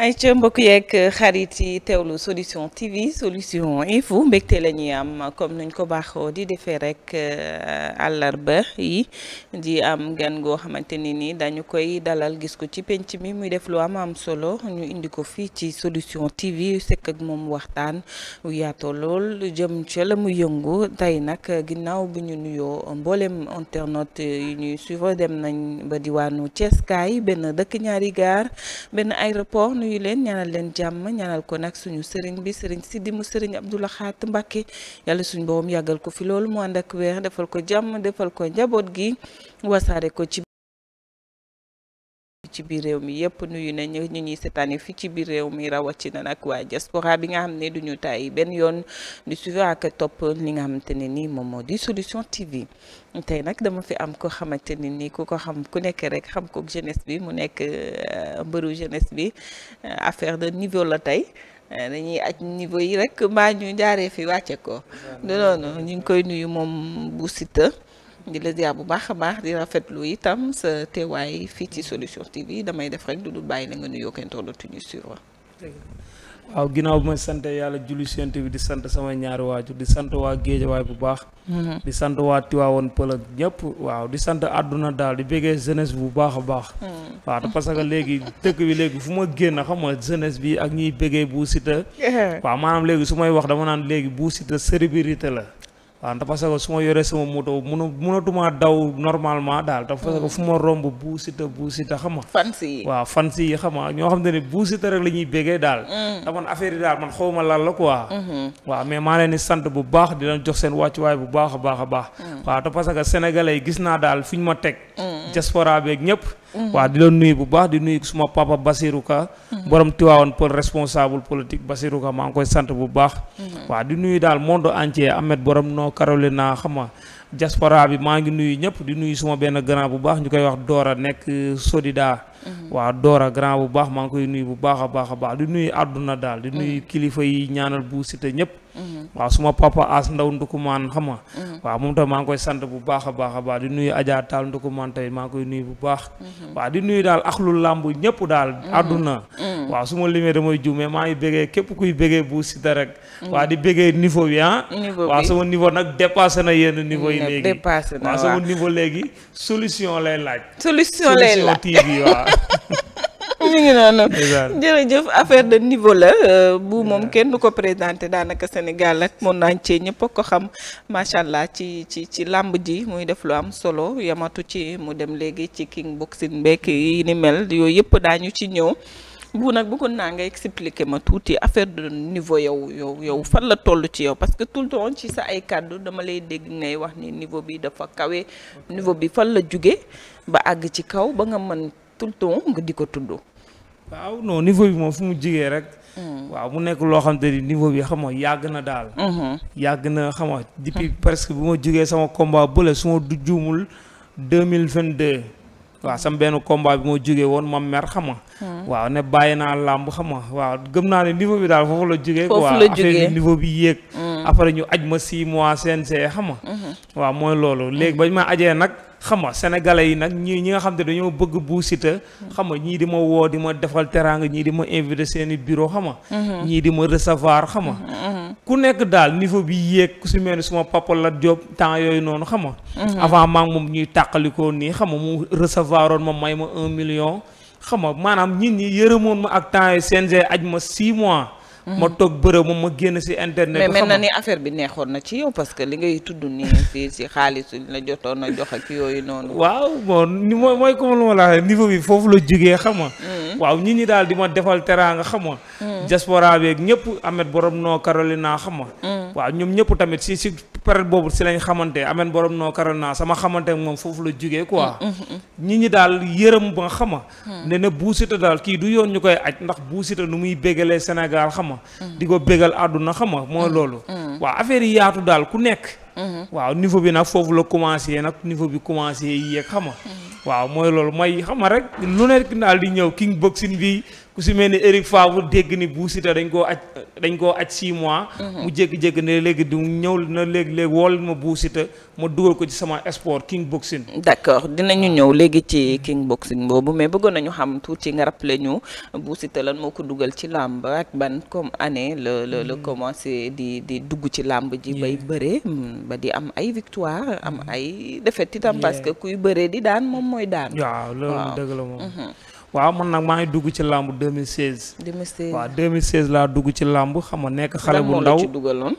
ay ca mbokk yeeg xarit yi teew teewlu solution TV solution info mbégte la ñuy am comme nuñ ko baaxoo di defee rek euh, àllarba yi di am gan goo xamante ni nii dañu koy dalal gis ko ci penc mi muy def lu am am solo ñu indi ko fii ci solution TV sekk ak moom waxtaan wu yaatoo lool jëm ca la mu yëngu tey nag ginnaaw bu ñu nuyoo mboolem internet yi ñuy suivre dem nañ ba diwaanu Thiès kaay benn dëkk ñaari gaar benn aéroport. nuyu leen ñaanal leen jàmm ñaanal ko nag suñu sëriñ bi sëriñ Sidi mu sëriñ Abdou Lahat Mbacké yàlla suñu borom yàggal ko fi loolu mu ànd ak weer defal ko jàmm defal ko njaboot gi wasaare ko ci ci biir réew mi yëpp nuyu na ñu ñuy seetaan fii ci biir réew mi rawatina nag waa diaspora bi nga xam ne duñu tàyyi benn yoon di suivre ak topp li nga xamante ne nii moom moo di solution TV tey nag dama fi am ko xamante ne nii ku ko xam ku nekk rek xam ko jeunesse bi mu nekk euh, mbëru jeunesse bi euh, affaire da niveau la tey. Euh, dañuy aj niveau yi rek mbaa ñu jaaree fi wàcce ko. non non ñu ngi koy nuyu moom bu Siteu. di la ziar bu baax a baax di rafetlu itam sa teewaay fii ci solution TV damay def rek du dul bàyyi la nga nuyoo kenn tollatu ñu sur wa waaw ginnaaw bi ma sant yàlla julli sant bi di sant sama ñaari waajur di sant waa géejawaay bu baax mm-hmm. di sant waa Tiwaawoon Pël ak ñëpp waaw di sant àdduna daal di bëggee jeunesse bu baax a baax mm-hmm. waaw parce que léegi dëkk bi léegi fu ma génn xam nga jeunesse bi ak ñuy bëggee bu Siteu waa maanaam léegi su may wax dama naan léegi Bou Siteu célébrité la waaw te parce que su ma yoree sama moto munu munatuma daw normalement daal te parce que romb Bou Siteu Bou Siteu xam yi waaw ñoo xam te ne Bou Siteu rek la ñuy bégee daal. Mm. te man affaire yi daal man xaw ma lan la quoi. Mm-hmm. waaw mais maa leen di sant bu baax di leen jox seen wàccuwaay bu baax a baax a baax. Mm. waaw te parce que sénégalais gis naa daal fi ñu ma teg. Mm. diaspora beeg ñëpp. Mm-hmm. waaw di la nuyu bu baax di nuy suma papa Basirou Ka. Mm-hmm. borom Tiwaawoon pour responsable politique Basirou maa ngi koy sant bu baax. North Carolina xam nga diaspora bi maa ngi nuyu ñëpp di nuyu suma benn grand bu baax ñu koy wax door a nekk Sodida. Mhm. waaw Dora grand bu baax maa ngi koy nuyu bu baax a baax a baax di nuyu àdduna daal. di mhm. nuyu kilifa yi ñaanal bu site ñëpp. Mm-hmm. waaw suma papa as ndaw ndukumaan xam nga mm-hmm. waaw moom tamit maa ngi koy sant bu baax a baax a baax di nuyu Adja Tall ndukumaan tey maa ngi koy nuyu bu baax mm-hmm. waa di nuyu daal axlu làmb ñëpp daal àdduna waaw su ma limee damay juumee maa ngi bégee képp kuy bégee bu si dara rek waaw di bégee niveau bi ah waaw sama niveau nag dépassé na yenn niveau yi léegi dépassé na niveau léegi solution lay laaj solution TV waaw mi ngi noonu jërëjëf affaire de niveau la euh, bu moom kenn ko présenté daanaka Sénégal ak mun naa cee ñëpp ko xam macha allah ci ci ci làmb ji muy def lu am solo yamatu ci mu dem léegi ci king boxing beek yi ni mel yooyu yëpp daañu ci ñëw bu nag bëggoon naa nga expliquer ma tuuti affaire de niveau yow yow yow fan la toll ci yow parce que tout le temps ci sa ay kàddu dama lay dégg ngay wax ni niveau bi dafa kawe niveau bi fan la jóge ba àgg ci kaw ba nga mën tout le temps di ko tudd waaw non niveau bi moom fu mu jigee rek. Hmm. waaw mu nekk loo xam te ni niveau bi xam yàgg na daal. Hmm. yàgg na xam nga depuis presque bu ma jugee sama combat bële su ma du juumul deux mille vingt deux. waaw sama benn combat bi ma jugee woon ma mer xam nga. Hmm. waaw ne bàyyi naa làmb xam nga waaw gëm naa ne niveau bi daal foofu la jugee. foofu la niveau bi yéeg. après ñu aj ma six mois CNG xam nga. waaw mooy loolu léegi bañ ma ajee nag. xam nga sénégalais yi nag ñii ñi nga xam te dañoo bëgg bu Siteu xam nga ñii di ma woo di ma defal teraanga ñii di ma invité seeni bureau xam mhm. ñii di ma recevoir xama mhm, mhm. ku nekk daal niveau bi yéeg ku si mel ni suma papa la job temps yooyu noonu xam nga avant maa ngi moom ñuy tàqalikoo nii xam mu recevoir oon ma may ma un million xam nga maanaam nit ñi yërëmoon ma ak temps yooyu CNG aj ma six mois ma toog bërëb moom ma génn si internet. bi neexoon na ci yow parce que li ngay tudd nii fii si xaalisu la jotoon a jox ak yooyu noonu. waaw bon mooy mooy ma la waxee niveau bi foofu la jugee xam mm. waaw ñi ñi daal di ma defal teraanga xam nga. Mm. diaspora beeg ñëpp Ameth borom noo Carolina xam nga. Mm. waaw ñoom ñëpp tamit si si période boobu si lañ xamante Ameth borom noo Carolina sama xamante moom foofu la jugee quoi. ñi ñi daal yërëm ba nga xam nga. ne ne buusita daal kii du yoon ñu koy aj ndax buusita nu muy bégalee Mm. di ko béggal àdduna xam nga mooy mm. loolu mm. waaw affaire yi yaatu daal ku nekk mm-hmm. waaw niveau bi nag foofu la commencé nag niveau bi commencé yéeg xam nga waaw mooy loolu mooy xam nga rek lu nekk daal di ñëw king boxing bi ku si mel ni Eric Favre dégg ni Bou Siteu dañ koo aj dañ koo aj 6 mois. Mhm. mu jékki-jékki ne léegi du ñëw na léegi léegi wool ma Bou Siteu ma dugal ko ci sama sport king boxing. d' accord dinañu ñëw léegi ci king boxing boobu mais bëggoon nañu xam tuuti nga rappelé ñu Bou Siteu lan moo ko dugal ci làmb ak ban comme année la la la mhm. commencé di di dugg ci làmb ji. bay bëree mm, ba di am ay victoire am mhm. ay défaite itam parce que kuy bëree di daan moom mooy daan. waaw loolu dëgg la moom. waaw mën nag maa ngi dugg ci làmb 2016. 2016 waaw 2016 laa dugg ci làmb xam nga nekk xale bu ndaw dugaloon.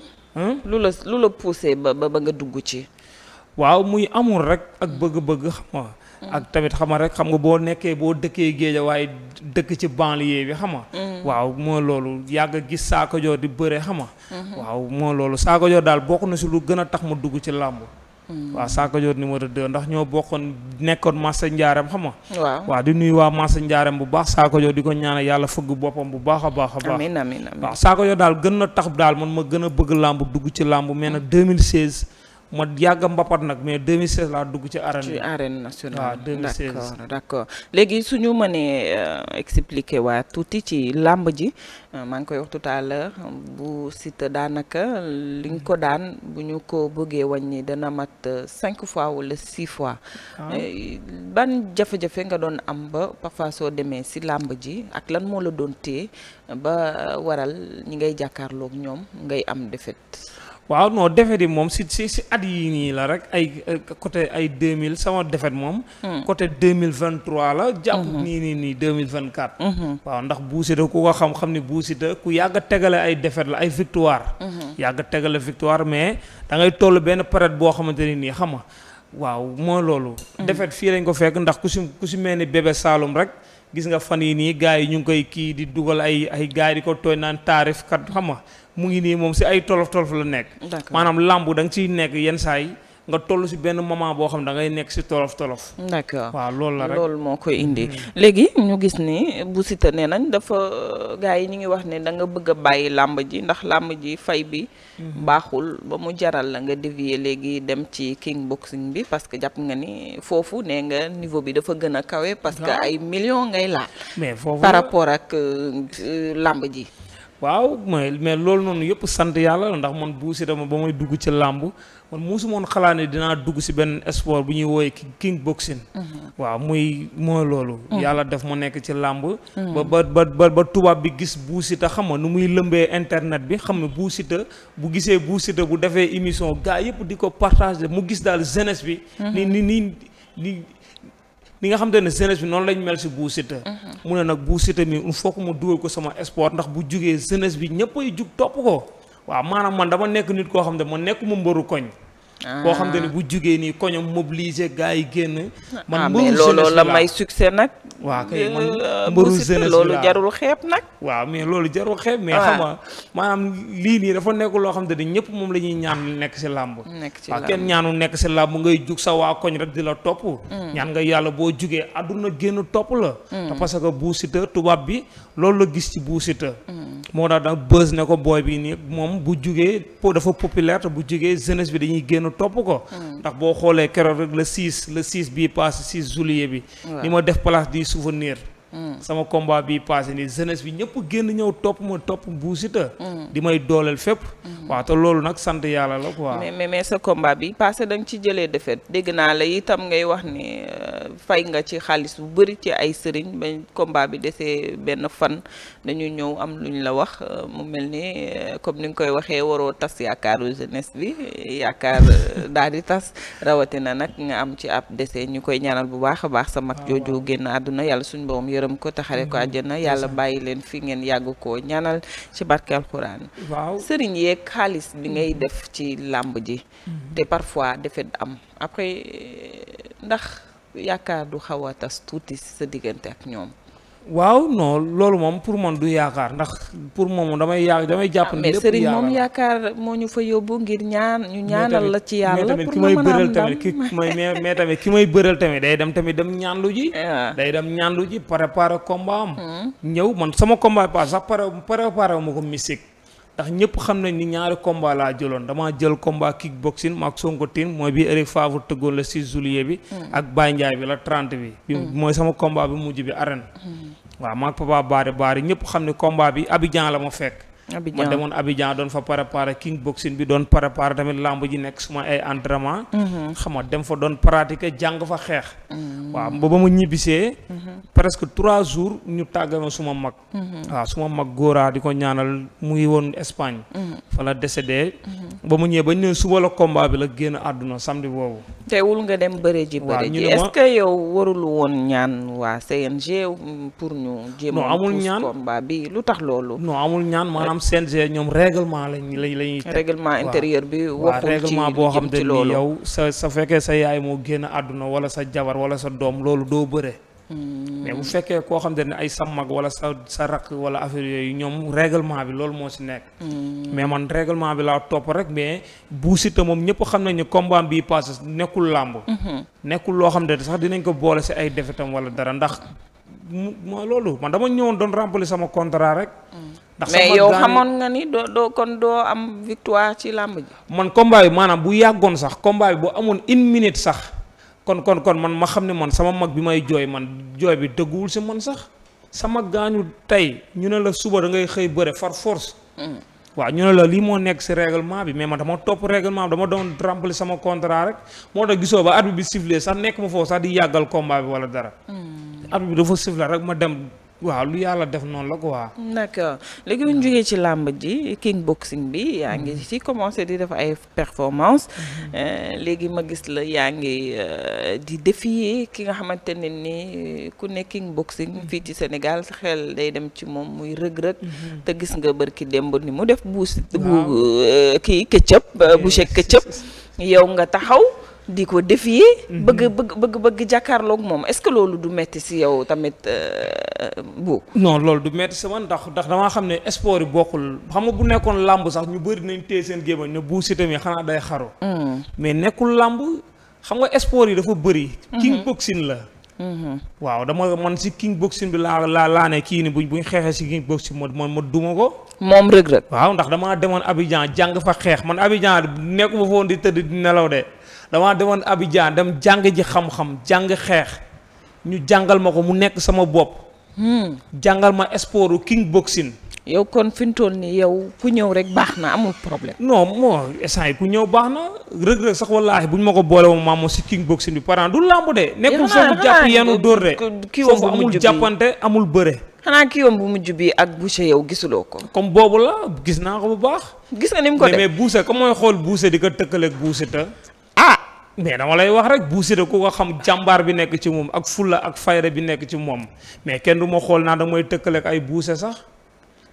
lu la lu la poussé ba ba nga dugg ci. waaw muy amul rek ak bëgg-bëgg xam nga. Mm. ak tamit xam nga rek xam nga boo nekkee boo dëkkee géeja waaye dëkk ci banlieue bi xam nga. Mm. waaw moo loolu yàgg gis Sakho Dior di bëre xam nga. Mm-hmm. waaw moo loolu Sakho Dior daal bokk na si lu gën a tax mu dugg ci làmb. Mm. waa Sakajor numéro 2 ndax ñoo bokkoon nekkoon Massa Ndiarème xam nga. waaw waaw di nuyu waa Massa Ndiarème bu baax Sakajor di ko ñaanal yàlla fëgg boppam bu baax a baax a baax. amiin amiin amiin daal gën na tax daal man ma gën a bëgg làmb dugg ci làmb mais nag 2016. ma yàgg mbappat nag mais 2016 laa dugg ci arène. ci arène nationale waaw 2016 d'accord d'accord léegi suñu ñu mënee euh, expliquer waa tuuti ci làmb ji euh, maa ngi koy wax tout bu Siteu daanaka liñ ko mhm. daan bu ñu ko bëggee wañ ni dana mat euh, cinq fois wala six fois. Ah. ban jafe-jafe nga doon am ba parfois soo demee si làmb ji ak lan moo la doon téye ba waral ñi ngay jàkkaarlook ñoom ngay am défaite. waaw noo défaite yi moom si si si at yi nii la rek ay euh, côté ay deux mille sama défaite moom. Hmm. côté deux mille vingt trois la. jàpp hmm. nii nii nii deux mille vingt quatre. Hmm. waaw ndax Bou ku ko xam xam ni Bou Siteu ku yàgg a tegale ay défaite la ay victoire. yàgg a tegale victoire mais da ngay toll benn période boo xamante ne nii xam nga waaw mooy loolu. défaite fii lañ ko fekk ndax ku si ku si mel ni bébé saalum rek. gis nga fan yi nii gars yi ñu ngi koy kii di dugal ay ay gars yi di ko tooy naan taarif xam nga mu ngi nii moom si ay tolof tolof la nekk. maanaam làmb danga nga ciy nekk yenn saa yi nga toll si benn moment boo xam da ngay nekk si tolof tolof. d'accord waaw loolu la rek loolu moo koy indi. Mm. léegi ñu gis ni bu Siteu nee nañ dafa gars yi ñu ngi wax ne da nga bëgg a bàyyi làmb ji ndax làmb ji fay bi. Mm-hmm. baaxul ba mu jaral la nga dévier léegi dem ci king boxing bi parce que jàpp nga ni foofu nee nga niveau bi dafa gën a kawe. parce que ay millions ngay laal. mais foofu par rapport ak euh, làmb ji. waaw mooy mais loolu noonu yëpp sant yàlla ndax man Bou Siteu dama ba may dugg ci làmb man mosuma woon xalaat ne dinaa dugg si benn sport bu ñuy wooyee king boxing. Mhm. waaw muy mooy loolu. Mhm. yàlla def ma nekk ci làmb. Mhm. ba ba ba ba tubaab bi gis Bou Siteu xam nga nu muy lëmbee internet bi xam nga Bou Siteu bu gisee Bou Siteu bu defee émission gaa yëpp di ko partager mu gis daal jeunesse bi. ni ni ni. ni nga xam te ne jeunesse bi noonu lañ mel si Bou mhm. mu ne nag Bou Siteu mi il ma que dugal ko sama esport ndax bu jugee jeunesse bi ñëpp ay jug topp ko waaw maanaam man dama nekk nit koo xam ne ma nekk mu mbëru koñ boo ah. xam te ne bu jugee nii koñom mobiliser gars yi génn. Ah, man mbëru loolu la may succès nag. waaw kay man euh, mbëru loolu jarul xeeb nag. waaw mais loolu jarul xeeb. mais ah. xam maanaam lii nii dafa nekk loo xam te ne ñëpp moom la ñuy ñaan nekk si làmb. nekk si làmb kenn ñaanu nekk si làmb ngay jug sa waa koñ rek di la topp. Mm. ñaan nga yàlla boo jugee àdduna génn topp la. Mm. te parce que Bou Siteu tubaab bi loolu la gis ci Bou Siteu. Mm. moo tax da bës ne ko booy bii nii moom bu jugee dafa populaire te bu jugee jeunesse bi dañuy génn topp ko. Hmm. ndax boo xoolee keroog rek le 6 le 6 bii paase 6 juillet bi. ni ma def place du souvenir. sama combat bi passé ni jeunesse bi ñëpp génn ñëw topp ma topp Bou Siteu di may dooleel fépp waaw loolu nag sant yàlla la quoi mais mais sa combat bi passé da nga ci jëlee défaite dégg naa la itam ngay wax ni euh, fay nga ci xaalis bu bëri ci ay sëriñ ba combat bi desee benn fan dañu ñëw am lu ñu la wax euh, mu mel ni euh, comme ni nga koy waxee waroo tas yaakaaru jeunesse bi yaakaar daal di tas rawatina nag nga am ci ab dese ñu koy ñaanal bu baax a baax sa mag ah, jooju génn àdduna yàlla suñ borom yërëm ko taxare ko mm-hmm. àjjana yàlla bàyyi leen fi ngeen yàgg ko ñaanal ci barke alxuraan waaw sëriñ yeeg xaalis bi ngay mm-hmm. def ci làmb ji mm-hmm. te parfois defet am après ndax yaakaar du xaw a tas tuuti sa diggante ak ñoom waaw non loolu moom pour man du yaakaar ndax pour moom damay yaa damay jàpp ah, ne. lépp yaakaar mais sëriñ moom moo ñu fa yóbbu ngir ñaan ñu ñaanal la ci yàlla. pour nga mën a am ndam tamit ki may bëral tamit ki mais tamit ki may bëral tamit day dem tamit dem ñaanlu ji. Ah. day dem ñaanlu ji préparer combat am. Hmm. ñëw man sama combat pass sax préparer wu ma ko mystique. ndax ñëpp xam nañ ni ñaari combat laa jëloon damaa jël combat kickboxing maak Sonko Tine mooy bi Eric Favre tëggoon la 6 juillet bi. Hmm. ak Baye Ndiaye bi la 30 bi. Hmm. mooy sama combat bi mujj bi arène. Hmm. waa maak Papa Bari Bari ñëpp xam ne combat bi Abidjan la ma fekk. ma demoon Abidjan doon fa préparer king boxing bi doon préparer tamit lamb ji nekk suma ay entraînement mhm. xam nga dem fa doon pratiquer jàng fa xeex mhm. waaw ba mu ñibbisee mhm. presque trois jours ñu tàggama suma mag waaw suma mag góoraa di ko ñaanal mu ngi woon Espagne fa la décédé ba mu ñëwee ba ñu ne suba la combat bi la génn àdduna samedi boobu teewul nga dem bëre ji bëre yow warul woon ñaan waa CNG pour ñu jéem a amul ñaan combat bi CNG ñoom règlement lañ lañ la ñuy. bi. waxul ci boo xam te ni yow sa sa fekkee sa yaay moo génn àdduna wala sa jabar wala sa doom loolu doo bëre. Hmm. mais bu fekkee koo xam ne ne ay sa mag wala sa sa rakk wala affaire yooyu ñoom réglement bi loolu moo si nekk. Hmm. mais man règlement bi laa topp rek mais Bou Siteu moom ñëpp xam nañ ne combat bi passé nekkul làmb. Hmm. nekkul loo xam ne sax dinañ ko boole si ay defetam wala dara ndax. ma loolu man dama ñëwoon ndax mais yow xamoon nga ni doo doo kon doo am victoire ci làmb ji. man combat bi maanaam bu yàggoon sax combat bi bu amoon une minute sax kon kon kon man ma xam ne man sama mag bi may jooy man jooy bi dëgguwul si man sax sama gaañu tey ñu ne la suba da ngay xëy bëre far force. Mm. waaw ñu ne la lii moo nekk si règlement bi mais man dama topp règlement bi dama doon remplir sama contrat rek moo tax gisoo ba arbitre bi sifflé sax nekk ma foofu sax di yàggal combat wala dara. Mm. waaw lu yàlla def noonu la quoi. d'accord léegi bu ñu ci làmb ji king boxing bi yaa ngi ci commencé di def ay performance mhm. euh, léegi ma gis la yaa ngi euh, di défier ki nga xamante ne ni ku ne king boxing mhm. fii ci Sénégal sa xel day dem ci moom muy rëg-rëg mhm. te gis nga bër ki démb ni mu def buus bu euh, kii këccëb boucher yow nga taxaw di ko défier. Mhm. bëgg bëgg bëgg bëgg jàkkaarloog moom est-ce que loolu du metti si yow tamit euh, bu. noonu loolu du metti si man ndax ndax damaa xam ne sport yi bokkul xam nga bu nekkoon làmb sax ñu bëri nañ téye seen gémmañ ne bu Siteu mi xanaa day xaru. Mm. mais nekkul làmb xam nga sport yi dafa bëri. Mhm. king boxing la. Mhm. waaw dama man si kii boxing bi laa laa laa ne kii ni buñ buñ xeexee si king boxing ma ma duma ko. moom rëg-rëg. waaw ndax damaa demoon Abidjan jàng fa xeex man Abidjan nekkuma fa woon di tëdd di nelaw de. damaa demoon Abidjan dem jàng ji xam-xam jàng xeex ñu jàngal ma ko mu nekk sama bopp. Hmm. jàngal ma sportu king boxing. yow kon fi mu toll nii yow ku ñëw rek baax na amul problème. non moo instant ku ñëw baax na rëg-rëg sax wallaahi bu ñu ma ko boole woon maam si king boxing bi parent du lamb de. nekkul foofu jàpp yenu dóor de. kii foofu amul jàppante amul bëre. xanaa kii bu mujj bi ak Boucher yow gisuloo ko. comme boobu la gis naa ko bu baax. gis nga ni mu ko def mais mooy xool Boucher di ko tëkkaleeg Boucher te. ah mais dama lay wax rek Bou Siteu ku ko xam jàmbaar bi nekk ci moom ak fulla ak fayda bi nekk ci moom mais kenn du ma xool naa da mooy tëkkale ak ay buuse sax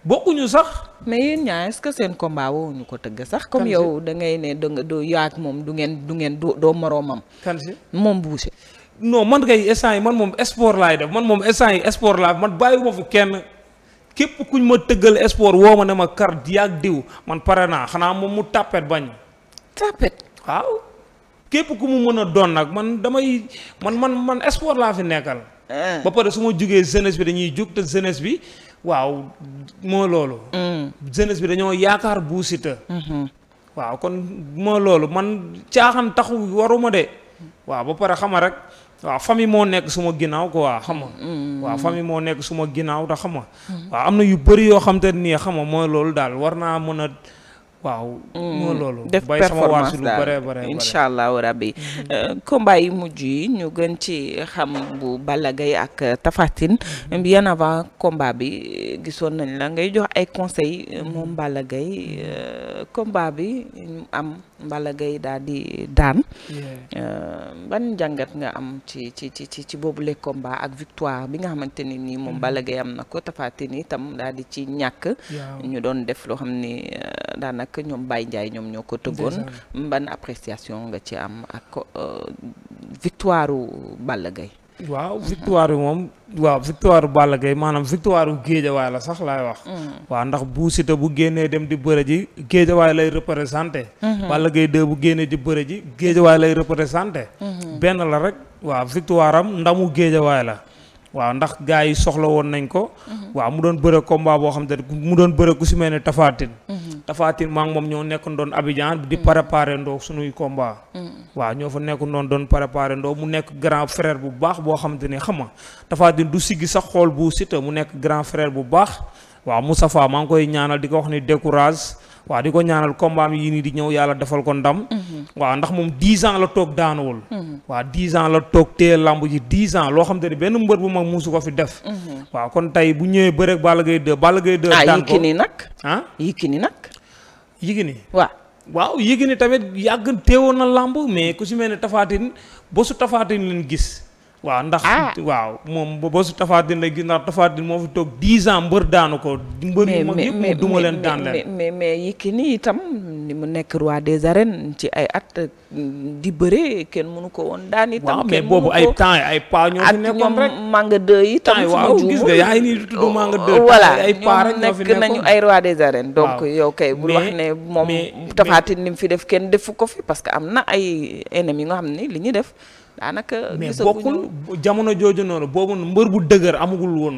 bokkuñu sax. mais yéen ñaa est-ce que seen combat ko tëgg sax. comme yow da ngay ne da nga doo yaag moom du ngeen du ngeen doo doo moroomam. kan moom Bou Siteu. non man kay instant man moom sport laay def man moom instant yi sport laay man bàyyiwuma fi kenn. képp ku kuñ ma tëggal sport woo ma ne ma kar ak diw man pare naa xanaa moom mu tàppet bañ. tàppet képp ku mu mën a doon nag man damay man man man espoir laa fi nekkal. Eh. ba pare su ma jugee jeunesse bi dañuy jug te jeunesse bi waaw mooy loolu. Mm. jeunesse bi dañoo yaakaar Bou Siteu. Mm-hmm. waaw kon mooy loolu man caaxaan taxu waruma de. waaw ba pare xama rek waaw famille moo nekk suma ginnaaw quoi xam nga. Mm-hmm. waaw famille moo nekk suma ginnaaw te xam nga. Mm-hmm. waaw am na yu bëri yoo xam te nii xam mooy loolu daal war naa mën a. waaw. Hmm, loolu def performance daal incha allahu rabbi mhm. euh, combat yi mujj yi ñu gën ci xam bu Balla Gaye ak Tapha Tine mhm. avant combat bi gisoon nañ la ngay jox ay conseils mhm. moom Balla Gaye euh, combat bi am. Balla Gaye daal di daan. Euh, ban jàngat nga am ci ci ci ci boobu le mbaa ak victoire bi nga xamante ne nii moom mm-hmm. Balla Gaye am na ko Tapha Tine itam daal di ci ñàkk. ñu doon def loo xam ni euh, daanaka ñoom Baye Ndiaye ñoom ñoo ko tëggoon. ban appréciation nga ci am ak euh, victoire Balla Gaye waaw victoire bi moom waaw victoire bu Balla Gaye maanaam victoire bu géejawaay la sax laay wax. Mm. waaw ndax bu Siteu bu génnee dem di bëre ji géejawaay lay représenté. Mm-hmm. Balla Gaye 2 bu génnee di bëre ji géejawaay lay représenté. Mm-hmm. benn la rek waaw victoire am ndamu géejawaay la. waaw ndax gars yi soxla woon nañ ko. Mhm. waaw mu doon bëre combat boo xam te mu doon bëre ku si mel ne Tafatine. Mhm. Tafatine moom ñoo nekk doon Abidjan di mhm. préparé ndoo suñuy combat. waaw ñoo fa nekk doon doon préparé ndoo mu nekk grand frère bu baax boo xam te ne xam nga Tafatine du siggi sax xool bu Siteu mu nekk grand frère bu baax waaw Moustapha maa ngi koy ñaanal di ko wax ni décourage. waaw di ko ñaanal combat yi nii di ñëw yàlla defal ko ndam. Mhm. waaw ndax moom dix ans la toog daanuwul. Mhm. waa dix ans la toog téye lamb ji dix ans loo xam te ne benn mbër bu mag muusu ko fi def. Mhm. waaw kon tey bu ñëwee bëre ak Balla Gaye 2 Balla Gaye 2. Ah, ni ko ah Yékini nag. ah Yékini waa Yékini waaw. waaw Yékini tamit yàgg teewoon na lamb mais ku si mel ne Tapha Tine bosu Tapha Tine leen gis. waaw ndax ah. waaw moom boo su tafaatin la gis ndax tafaatin moo fi toog 10 ans mbër daanu ko mbër yu mag yëpp duma leen daan leen mais mais nii itam ni mu nekk roi des arènes ci ay at di bëre kenn mënu ko woon daan itam mais boobu ay temps ay pas ñoo fi nekkoon rek manga deux yi waaw gis nga yaa ngi nii tudd manga deux voilà ay pas rek ñoo nekk nañu ay roi des arènes donc yow kay bul wax ne moom tafaatin ni mu fi def kenn defu ko fi parce que am na ay ennemis yi nga xam nii li ñu def daanaka. mais bokkul jamono jooju noonu boobu mbër bu dëgër amagul woon.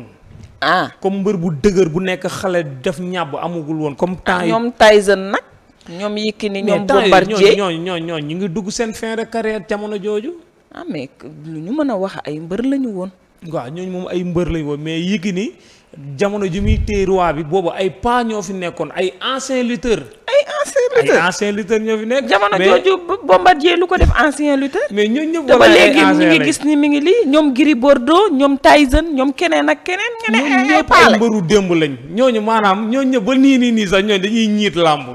ah comme mbër bu dëgër bu nekk xale def ñàbb amagul woon comme ah, temps yi ñoom Tyson nag. ñoom Yékini ñoom Bombardier ñooñu ñooñu ñooñu ñu ngi dugg seen fin de carrière jamono jooju. ah lu ñu mën a wax ay mbër lañu woon. waaw ñooñu moom ay mbër lañu woon mais ni jamono ji muy téye roi bi boobu ay paa ñoo fi nekkoon ay anciens lutteurs. ay anciens lutteur ay ancien lutteur ñoo fi nekk. jamono jooju Bombardier lu ko def ancien lutteur. mais ñooñu ñëpp ba léegi ñu ngi gis ni mu ngi lii ñoom Gris Bordeaux ñoom Tyson ñoom keneen ak keneen. ñu ne ñoom eh, ñëpp ay mbëru démb lañ. ñooñu maanaam ñooñu ñëpp ba nii nii nii sax ñooñu dañuy ñiit làmb.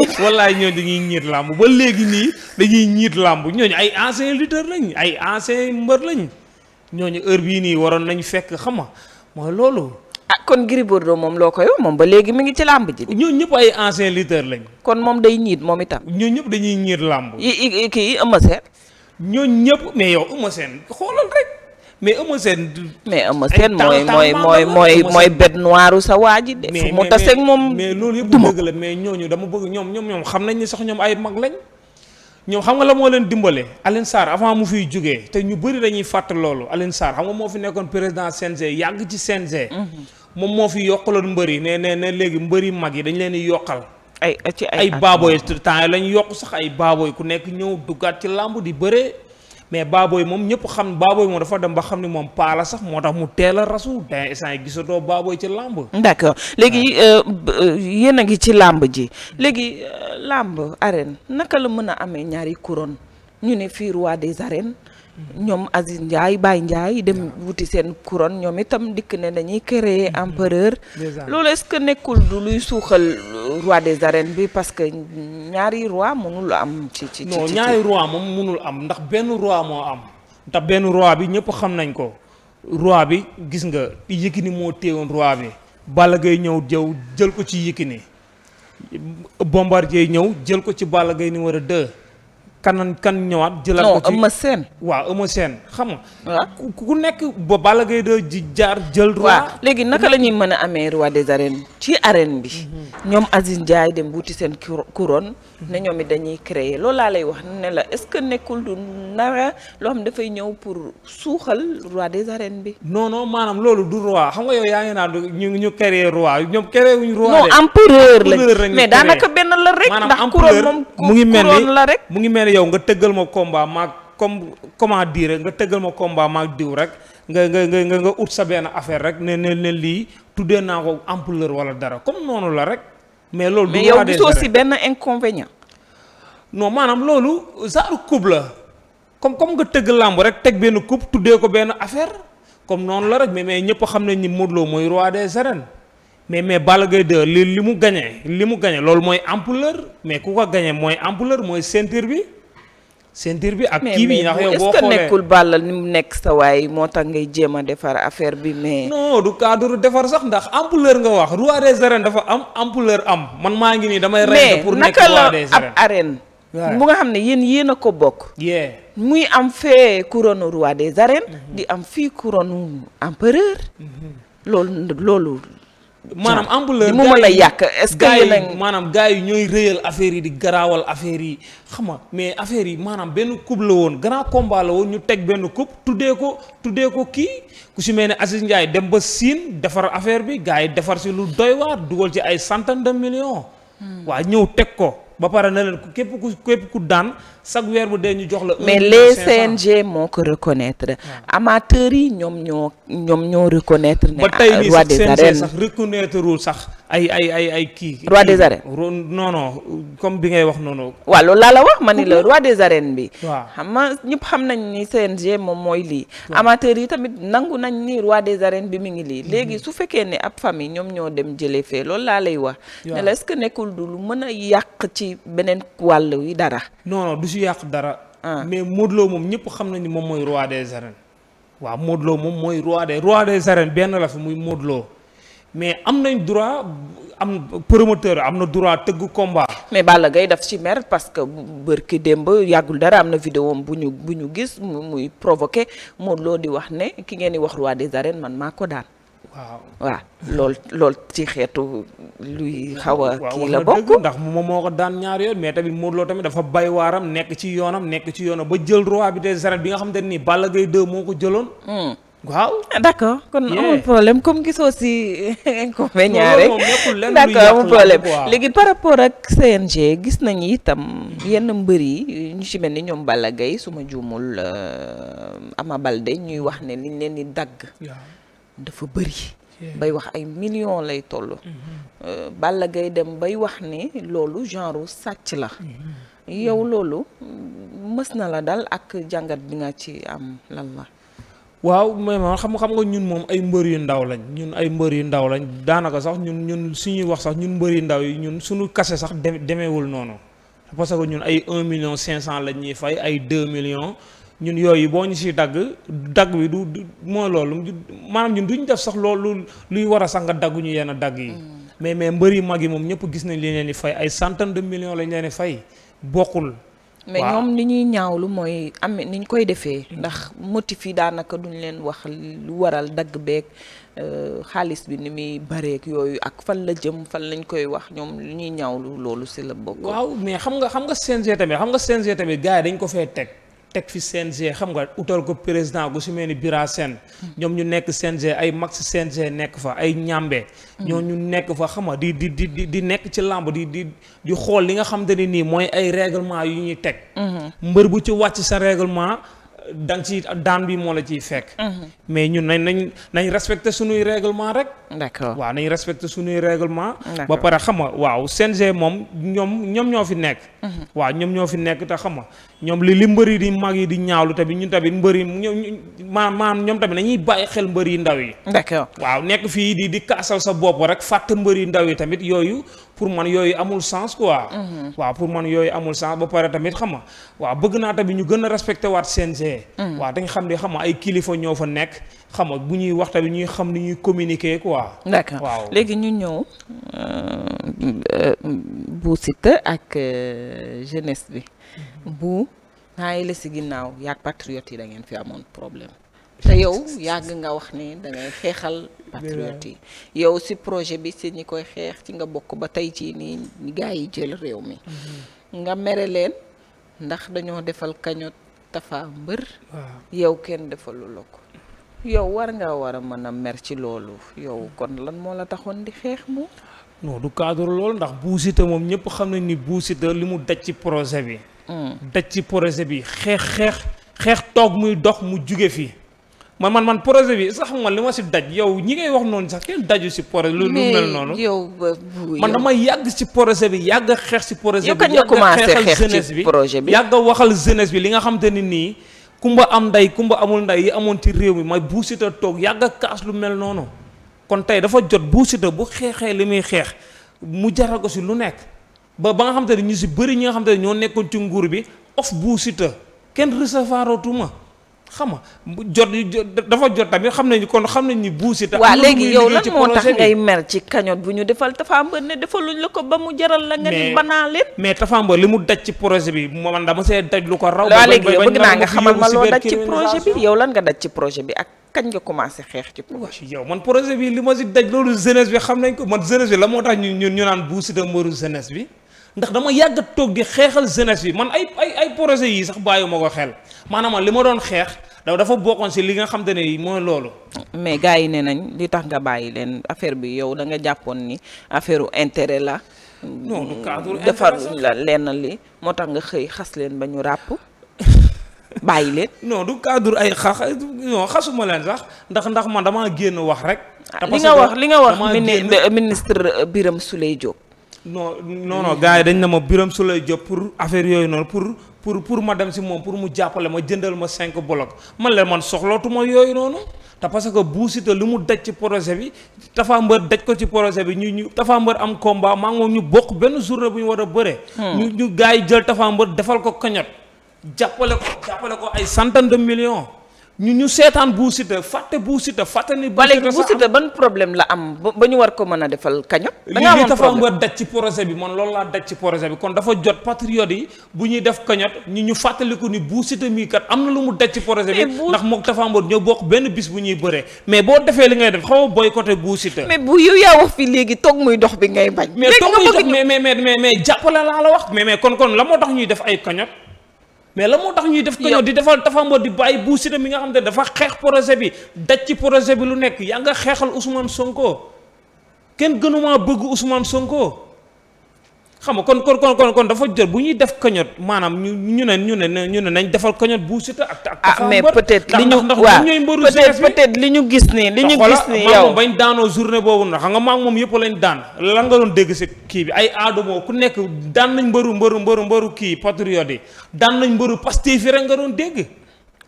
wallaay ñooñu dañuy ñiit làmb ba léegi nii dañuy ñiit làmb ñooñu ay ancien lutteur lañ ay ancien mbër lañ ñooñu heure bii nii waroon nañ fekk xam nga mooy loolu ah kon Gris Bordeaux moom loo ko wax moom ba léegi mi ngi ci làmb ji. ñooñu ñëpp ay ancien lutteur lañ. kon moom day ñiit moom itam. ñoo ñëpp dañuy ñiit làmb. yi i kii Eumeu Sène. ñoo ñëpp mais yow Eumeu Sène xoolal rek mais Eumeu Sène. mais Eumeu Sène mooy mooy mooy mooy mooy bête sa waa ji de. fu mu taseeg moom mais loolu yëpp dëgg la mais ñooñu dama bëgg ñoom ñoom ñoom xam nañ ni sax ñoom ay mag lañ. ñoom xam nga la moo leen dimbale Alioune Sarr avant mu fiy jógee te ñu bëri dañuy fàtt loolu Alioune Sarr xam nga moo fi nekkoon président CNG yàgg ci CNG. Mhm. moom moo fi yokkaloon mbër yi ne ne ne léegi mbër yi mag yi dañ leen di yokkal. ay ay ay baabooy temps lañ yokk sax ay baabo baabooy ku nekk ñëw duggaat ci làmb di bëree. mais baabo yi moom ñëpp xam baabooy moom dafa dem ba xam ne moom paala sax moo tax mu teel a rasu da instant yi gisatoo baabooy ci làmb d'accord léegi euh, euh, yéen a ngi ci làmb ji léegi euh, làmb arène naka la mën a amee ñaari couronne ñu ne fii roi des arènes ñoom Aziz Ndiaye Baye Ndiaye dem wuti seen couronne ñoom itam dikk ne dañuy créer mhm. empereur loolu est-ce que nekkul du luy suuxal roi des arènes bi parce que ñaari roi mënul am ci ci ñaari roi moom mënul am ndax benn roi moo am ndax benn roi bi ñëpp xam nañ ko roi bi gis nga Yékini moo téewoon roi bi Balla Gaye ñëw jëw jël ko ci Yékini Bombardier ñëw jël ko ci Balla Gaye numéro 2 kanan kan ñëwaat. jëlaat ko ci non Eumeu Sène. waaw Eumeu Sène xam nga. waaw ku nekk ba bala Gaye de ji jaar jël. roi waaw léegi naka la ñuy mën a amee roi des arènes ci arène bi. Mhm. ñoom Aziz Ndiaye dem wuti seen couronne. ne ñoom it dañuy créer loolu laa lay wax ne la est-ce que nekkul du nara loo xam dafay ñëw pour suuxal roi des arènes bi. non maanaam loolu du roi xam nga yow yaa ngi naan ñu ñu créer roi ñoom créer wuñ roi non empereur lañ mais daanaka benn la rek. ndax couronne moom mu ngi mel ni la rek. mu ngi mel ni yow nga tëggal ma combat maag comme comment rek nga tëggal ma combat maag diw rek. nga nga nga nga ut sa benn affaire rek ne ne ne lii tuddee naa ko ampleur wala dara comme noonu la rek. mais loolu. du yow gisoo si benn inconvénient. non maanaam loolu genre coupe la comme comme nga tëgg làmb rek teg benn coupe tuddee ko benn affaire comme noonu la rek mais mais ñëpp xam ne ni Modou mooy roi des arènes mais mais Balla Gaye 2 li li mu gagné li mu gagné loolu mooy ampleur mais ku ko gagné mooy ampleur mooy ceinture bi. ceinture bi ak kii bi ndax yow boo xoolee est-ce que nekkul bàllal ni mu nekk sa waaye moo tax ngay jéem a defar affaire bi mais. du cadre defar sax ndax ampleur nga wax roi des arènes dafa am ampleur am man maa ngi nii damay. rey pour nekk roi des arènes mais mu nga xam ne yéen yéen a ko bokk. muy am fee couronne roi des arènes. di am fii couronne empereur. Mm-hmm. loolu loolu. maanaam ampleur mu mën a yàq est-ce que yéen maanaam gars yi ñooy rëyal affaire yi di garaawal affaire yi xam nga mais affaire yi maanaam benn coupe la woon grand combat la woon ñu teg benn coupe tuddee ko tuddee ko kii ku si mel ne Aziz Ndiaye dem ba siin defar affaire bi gars yi defar si lu doy waar dugal ci ay centaine de millions. Hmm. waa ñëw teg ko. ba pare na leen képp ku képp ku daan chaque weer bu dee ñu jox la. mais les CNG moo ko reconnaître amateurs yi ñoom ñoo ñoom ñoo reconnaître ne. roi des arènes ba tey ah, nii sax CNG sax reconnaître sax. ay ay ay kii. roi des arènes. ro non comme bi ngay wax noono waaw loolu laa la wax ma ni la roi des arènes bi. waaw xam nga ñëpp xam nañ ni CNG moom mooy lii. amateur yi tamit nangu nañ ni roi des arènes bi mi ngi lii. léegi mhm. su fekkee ne ab famille ñoom ñoo dem jële fee loolu laa lay wax. ne la est que nekkul du lu mën a yàq ci beneen wàll yu dara. noono du si yàq dara. Ah. mais Modou Lo moom ñëpp xam nañ ni moom mooy roi des arènes. waaw Modou moom mooy roi des des arènes benn la fi muy Modou Lo. mais am nañ droit am promoteur am na droit tëgg combat. mais Balla gay daf ci mer parce que bërki démb yàggul dara am na vidéo bu ñu bu ñu gis muy provoqué Modou loo di wax ne ki ngeen di wax roi des arènes man maa ko daan. waaw waaw lool ci xeetu luy xaw a kii ndax moom moo ko daan ñaari yoon mais tamit Modou Lo tamit dafa bay waaram nekk ci yoonam nekk ci yoonam ba jël roi bi des bi nga xam te nii Balla gay 2 moo ko jëloon hmm. waaw d'accord kon amul problème comme gisoo si inconvénient rek d'accord amul problème léegi par rapport ak CNG gis nañu itam yenn mbër yi ñu ci mel ni ñoom Balla Gaye suma ma juumul euh, Ama Baldé ñuy wax ne liñ leen di dagg dafa bëri bay wax ay million lay toll mm-hmm. euh, Balla Gaye dem bay wax ne loolu genre sàcc la mm-hmm. yow loolu mm, mës na la dal ak jàngat bi nga ci am lan waaw mais man xam xam nga ñun moom ay mbër yu ndaw lañ ñun ay mbër yu ndaw lañ daanaka sax ñun ñun suñuy wax sax ñun mbëri yu ndaw yi ñun suñu kase sax demeewul noonu parce ñun ay 1 million 500 lañ ñuy fay ay 2 millions ñun yooyu boo ñu si dagg dagg bi du mooy loolu maanaam ñun duñ def sax loolu luy war a sax nga dagg ñu yenn dagg yi. Mm. mais mais mbër yu mag yi moom ñëpp gis nañ li leen di fay ay centaine de millions lañ leen di fay bokkul. mais ñoom li ñuy ñaawlu mooy am niñ koy defee ndax motif yi daanaka duñ leen wax lu waral dagg beeg euh, xaalis bi ni muy bareeg yooyu ak fan la jëm fan lañ koy wax ñoom li ñuy ñaawlu loolu si la bokk. waaw mais xam nga xam nga CNG tamit xam nga CNG tamit gars dañ ko fee teg. teg fi CNG xam nga utal ko président gu si mel ni Bira Sène ñoom ñu nekk CNG ay max CNG nekk fa ay ñambe ñoo ñu nekk fa xam nga di di di di nekk ci làmb di di di xool li nga xam te ne nii mooy ay règlement yu ñuy teg mbër bu ci wàcc sa règlement dang ci daan bi moo la ciy fekk mais ñun nañ nañ nañ respecté suñuy règlement rek d'accord waaw nañ respecté suñuy règlement ba pare xam nga waaw CNG moom ñoom ñoom ñoo fi nekk mhm. waaw ñoom ñoo fi nekk te xam nga ñoom li li mbëri di mag yi di ñaawlu tamit ñun tamit mbëri ñoom maanaam maanaam ñoom tamit dañuy bàyyi xel mbëri ndaw yi. d'accord waaw nekk fii di di kaasal sa bopp rek fàtte mbëri ndaw yi tamit yooyu pour man yooyu amul sens mhm. waaw pour man yooyu amul sens ba pare tamit xam nga waaw bëgg naa tamit ñu gën a respecté waat CNG. Mhm. waaw dañ xam ne xam nga ay kilifa ñoo fa nekk xam nga bu ñuy wax tamit ñuy xam ni ñuy communiquer quoi. d'accord waaw léegi ñu ñëw euh, euh, bu ak euh, jeunesse bi. bu temps yi la si ginnaaw yaag patriote yi da ngeen fi amoon problème te yow yàgg nga wax ni da ngay xeexal patriote yi yow si projet bi si ñi koy xeex ci nga bokk ba tey ci nii gars yi jël réew mi mm-hmm. nga mere leen ndax dañoo defal kañot tafa mbër yow kenn defalu la ko yow war nga war a mën a mer ci loolu yow kon lan moo la taxoon di xeex moom non du cadre loolu ndax buusita moom ñëpp xam nañ ni buusita li mu daj ci projet bi daj ci projet bi xeex xeex xeex toog muy dox mu juge fii man man man projet bi sax man li ma si daj yow ñi ngay wax noonu sax kenn daju si projet lu mel noonu yow euh, man dama yàgg si projet bi yàgg xeex si projet bi yàgg xeexal jeunesse bi yàgg waxal jeunesse bi li nga xam te ni nii kumba am ndey kumba amul ndey yi amoon ci réew mi may Bou Siteu toog yàgg kaas lu mel noonu kon tey dafa jot Bou bu xeexee li muy xeex mu jaral si lu nekk ba ba nga xam te ne ñu si bëri ñi nga xam te ñoo nekkoon ci nguur bi of bu Siteu kenn recevoiratuma xam nga jot dafa jot tamit xam nañu kon xam ni Bou Siteu. waaw yow lan moo tax ngay mer ci cagnotte bu ñu defal Tapha Mbeur ne defaluñ la ko ba mu jaral la nga li mu daj ci bi man dama see ko raw. ba léegi yow loo daj ci projet bi yow lan nga daj ci bi ak kañ nga commencé xeex nañ ko man jeunesse bi la moo tax ñu ñu naan Bou Siteu mbëru jeunesse bi. ndax dama yàgg a toog di xeexal jeunesse bi man ay ay ay projet yi sax bàyyi ma ko xel maanaam li ma doon xeex dafa bokkoon si li nga xam te ne mooy loolu. mais gars yi ne nañ li tax nga bàyyi leen affaire bi yow da nga jàppoon ni affaire intére la. non du cadre defaruñ lenn li moo tax nga xëy xas leen ba ñu ràpp bàyyi leen. non du cadre ay xax xasuma leen sax ndax ndax man damaa génn wax rek. Ah, li nga wax li nga wax ministre Birame Souleye Diop. non non non gars yi dañ na ma Birame Souleye Diop pour affaire yooyu noonu pour pour pour ma dem si moom pour mu jàppale ma jëndal ma cinq bloc man leen man soxlootuma yooyu noonu te parce que Bou Siteu li mu daj ci projet bi Tapha Mbeur daj ko ci projet bi ñu ñu Tapha Mbeur am combat maa moom ñu bokk benn journée bu ñu war a bëree hmm. ñu ñu gars yi jël Tapha Mbeur defal ko cagnotte jàppale ko jàppale ko ay centaine de millions ñu ñu seetaan Bou Siteu fàtte Bou Siteu fàtte ni. Bou Siteu Bou problème la am ba ñu war ko mën a defal kañot. da nga amoon problème li daj ci projet bi man loolu laa daj ci projet bi kon dafa jot patriote yi bu ñuy def kañot ñu ñu fàttaliku ni Bou Siteu mii kat am na lu mu daj ci projet bi. ndax moog Tapha Mbeur ñoo bokk benn bis bu ñuy bëree. mais boo defee li ngay def xaw ma boycotté Bou Siteu. mais bu yow yaa wax fii léegi toog muy dox bi ngay bañ. léegi nga bëgg mais toog muy dox mais laa la wax mais kon kon la moo tax ñuy def ay kañot mais la moo tax ñuy def ko di defal Tapha Mbeur di bàyyi Bou Siteu mi nga xam ne dafa xeex projet bi daj ci projet bi lu nekk yaa nga xeexal Ousmane Sonko kenn gënumaa bëgg Ousmane Sonko xam nga kon kon kon kon dafa jot bu ñuy def cagnotte maanaam ñu ñu ne ñu ne ñu ne nañ defal cagnotte bu Siteu ah, mais peut-être li ñu waaw peut-être peut-être li ñu gis nii li ñu gis daanoo journée boobu na xam nga maa ngi moom yëpp lañ daan la nga doon dégg si kii bi ay aadumoo ku nekk daan nañ mbëru mbëru mbëru mbëru kii patriote yi daan nañ mbëru Pastef yi rek nga doon dégg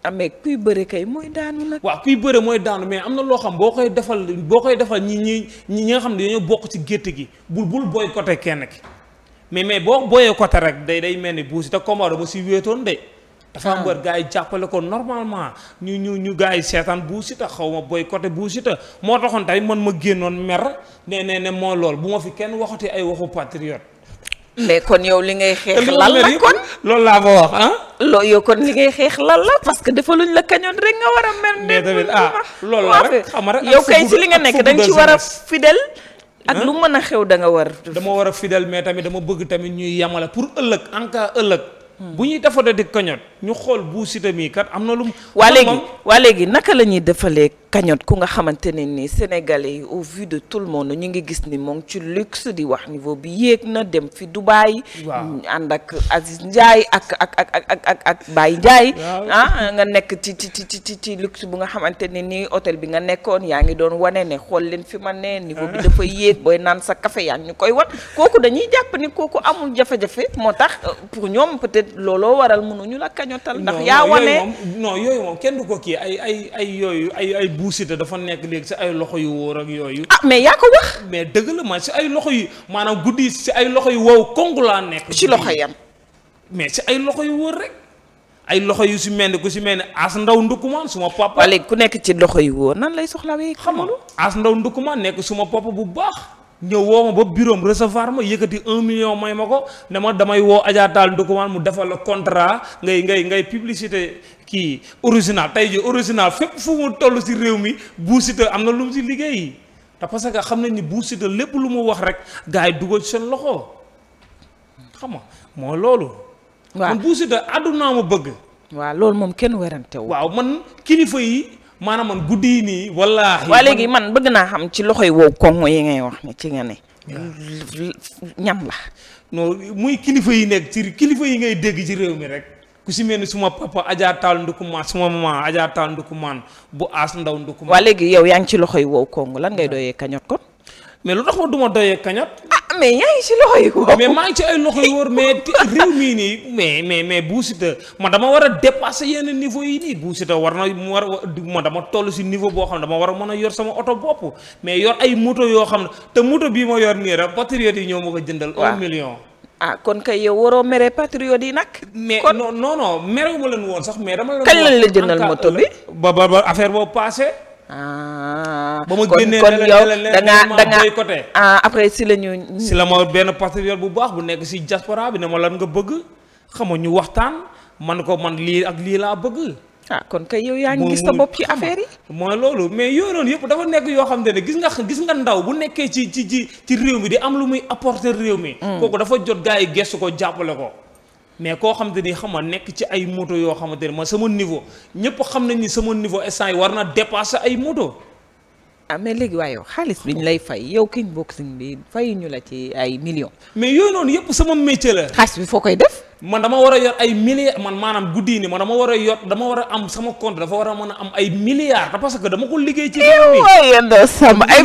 amee ah, kuy bëre kay mooy daanu la. waaw kuy bëre mooy daanu mais am na loo xam boo koy defal boo koy defal ñi ñi ñi nga xam ne dañoo bokk ci gétt gi bul bul boycotté kenn ki mais mais boo booyee côté rek day day mel ni buusi te Komaro si wéetoon de. dafa am ah. bër gars yi jàppale ko normalement ñu ñu ñu gars yi seetaan Bou Siteu xaw ma boycotté Bou Siteu moo taxoon tey man ma génnoon mer ne ne ne moo lool bu ma fi kenn waxati ay waxu patriote mais kon yow li ngay xeex la kon loolu laa ko wax ah loolu yow kon li ngay xeex lal la parce que dafa luñ la kañoon rek nga war a mer ne tamit ah loolu la rek xam nga rek yow kay li nga nekk da nga ci war a fidèle ak lu mën a xew da nga war. dama war a fidèle mais tamit dama bëgg tamit ñuy yamala pour ëllëg en ëllëg. bu ñuy dafa da di cagnotte ñu xool bu Siteu kat am na lu. waa léegi waa léegi naka la ñuy defalee cagnotte ku nga xamante ne ni sénégalais yi au vu de tout le monde ñu ngi gis ni moom ci luxe di wax niveau bi yéeg na dem fi Dubaï. waaw mm, ànd ak Aziz Ndiaye ak ak ak ak ak ak Baye Ndiaye. ah nga nekk ci ci ci ci ci luxe bu nga xamante ne ni otel bi nga nekkoon yaa ngi doon wane ne xool leen fi ma ne. niveau bi dafa yéeg booy naan sa café yaa ngi ñu koy wan kooku dañuy jàpp ni kooku amul jafe-jafe moo tax euh, pour ñoom peut-être looloo waral ñu la kañotal. ndax yaa wane non yooyu moom kenn du ko kii ay ay ay yooyu Bou dafa nekk léegi si ay loxo yu wóor ak yooyu. ah mais yaa ko wax. mais dëgg la si ay loxo yu maanaam guddi si ay loxo yu wow kongu laa nekk. si loxo yam mais si ay loxo yu wóor rek. ay loxo yu si mel ni ku si mel ni as ndaw ndukumaan suma papa. waaye ku nekk ci loxo yu wóor nan lay soxlawee. xamalu as ndaw ndukumaan nekk suma papa bu baax. ñëw woo ma ba bureau am recevoir ma yëkkati un million may ma ko ne ma damay woo Adja Tall Ndoukoumane mu defal la contrat ngay ngay ngay publicité kii original tey ji original fépp fu mu toll si réew mi Bou Siteu am na lu mu si liggéey te parce que xam nañ ni Bou lépp lu mu wax rek gars yi dugal seen loxo xam nga moo loolu. waaw kon àddunaa ma bëgg. waa loolu moom kenn werante waaw man kilifa yi. maanaam man guddi yi nii wallaahi. waa léegi man bëgg naa xam ci loxoy wow koŋŋ yi ngay wax ne ci nga ne. ñam la. non muy kilifa yi nekk ci kilifa yi ngay dégg ci réew mi rek. ku si mel ni suma papa Adja Tall Ndoukoumane suma maman Adja Tall bu aas ndaw Ndoukoumane. waa léegi yow yaa ngi ci loxo yi wow koŋŋ lan ngay doyee kañot kon. mais lu tax ma doyee kañot. Ah, mais yaa ngi ci loxo yi wóor. mais maa ngi ci ay loxo yu wóor mais réew mii nii mais mais mais Bou dama war a dépasser yenn niveau yi nii Bou Siteu war na mu war ma dama toll si niveau boo xam ne dama war a mën a yor sama mais yor ay moto yoo xam te moto bii ma yor nii rek patriote yi ñoo ma ko jëndal. un million. ah kon kay yow waroo mere patriote yi nag. mais non non non merewuma leen woon sax mais dama. la kañ lañ la jëndal moto bi. ba ba ba affaire boobu paase. ah. ba ma génnee kon kon yow da ngaa da ngaa ah après si la si la ma benn patriote bu baax bu nekk si diaspora bi ne ma lan nga bëgg xam nga ñu waxtaan man ko man lii ak lii laa bëgg. ah kon kay yow yaa ngi gis sa bopp ci affaire yi. mooy loolu mais yooyu noonu yëpp dafa nekk yoo xamante ne gis nga gis nga ndaw bu nekkee ci ci ci ci réew mi di am lu muy apporter réew mi. Mm. kooku dafa jot gaa yi gestu ko jàppale ko. mais koo xam te ni xam nekk ci ay moto yoo xamante ni ma sama niveau ñëpp xam nañ ni sama niveau instant yi war na dépasser ay moto. ah mais léegi waaye xaalis bi ñu lay fay yow kickboxing bi fayuñu la ci ay millions. mais yooyu noonu yëpp sama métier la. xaalis bi foo koy def. man dama war a yor ay milliards man maanaam guddi ni man dama war a yor dama war a am sama compte dafa war a mën a am ay milliards parce que dama ko liggéey ci réew sama ay